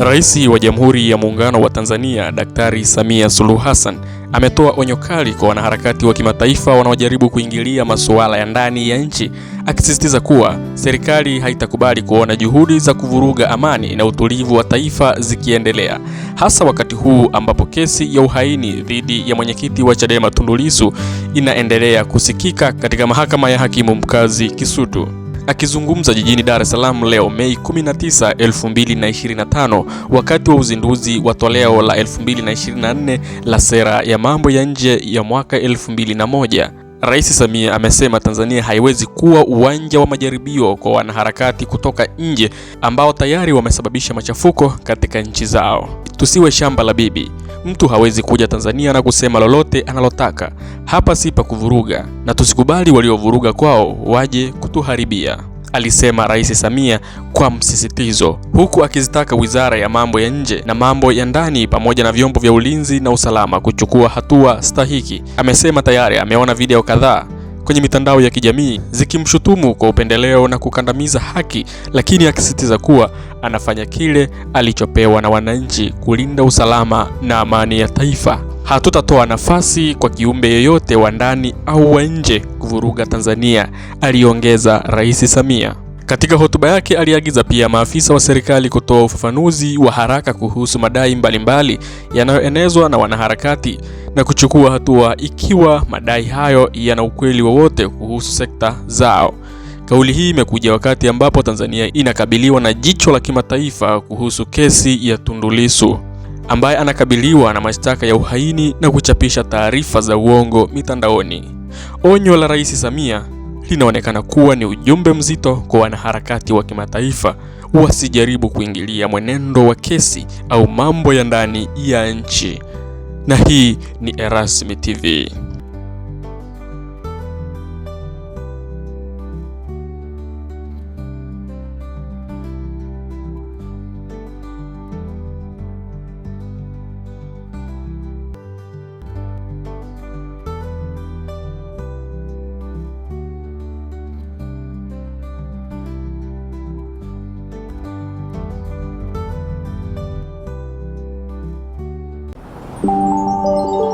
Rais wa Jamhuri ya Muungano wa Tanzania Daktari Samia Suluhu Hassan ametoa onyo kali kwa wanaharakati wa kimataifa wanaojaribu kuingilia masuala ya ndani ya nchi, akisisitiza kuwa serikali haitakubali kuona juhudi za kuvuruga amani na utulivu wa taifa zikiendelea, hasa wakati huu ambapo kesi ya uhaini dhidi ya mwenyekiti wa Chadema Tundu Lissu inaendelea kusikika katika mahakama ya hakimu mkazi Kisutu. Akizungumza jijini Dar es Salaam leo Mei 19, 2025 wakati wa uzinduzi wa toleo la 2024 la sera ya mambo ya nje ya mwaka 2001, Rais Samia amesema Tanzania haiwezi kuwa uwanja wa majaribio kwa wanaharakati kutoka nje ambao tayari wamesababisha machafuko katika nchi zao. Tusiwe shamba la bibi. Mtu hawezi kuja Tanzania na kusema lolote analotaka. Hapa si pa kuvuruga na tusikubali waliovuruga kwao waje kutuharibia, alisema Rais Samia kwa msisitizo, huku akizitaka Wizara ya Mambo ya Nje na Mambo ya Ndani pamoja na vyombo vya ulinzi na usalama kuchukua hatua stahiki. Amesema tayari ameona video kadhaa kwenye mitandao ya kijamii zikimshutumu kwa upendeleo na kukandamiza haki, lakini akisisitiza kuwa anafanya kile alichopewa na wananchi kulinda usalama na amani ya taifa hatutatoa nafasi kwa kiumbe yoyote wa ndani au wa nje kuvuruga Tanzania, aliongeza Rais Samia. Katika hotuba yake aliagiza pia maafisa wa serikali kutoa ufafanuzi wa haraka kuhusu madai mbalimbali yanayoenezwa na wanaharakati na kuchukua hatua ikiwa madai hayo yana ukweli wowote kuhusu sekta zao. Kauli hii imekuja wakati ambapo Tanzania inakabiliwa na jicho la kimataifa kuhusu kesi ya Tundu Lissu ambaye anakabiliwa na mashtaka ya uhaini na kuchapisha taarifa za uongo mitandaoni. Onyo la Rais Samia linaonekana kuwa ni ujumbe mzito kwa wanaharakati wa kimataifa wasijaribu kuingilia mwenendo wa kesi au mambo ya ndani ya nchi. Na hii ni Erasmi TV. Música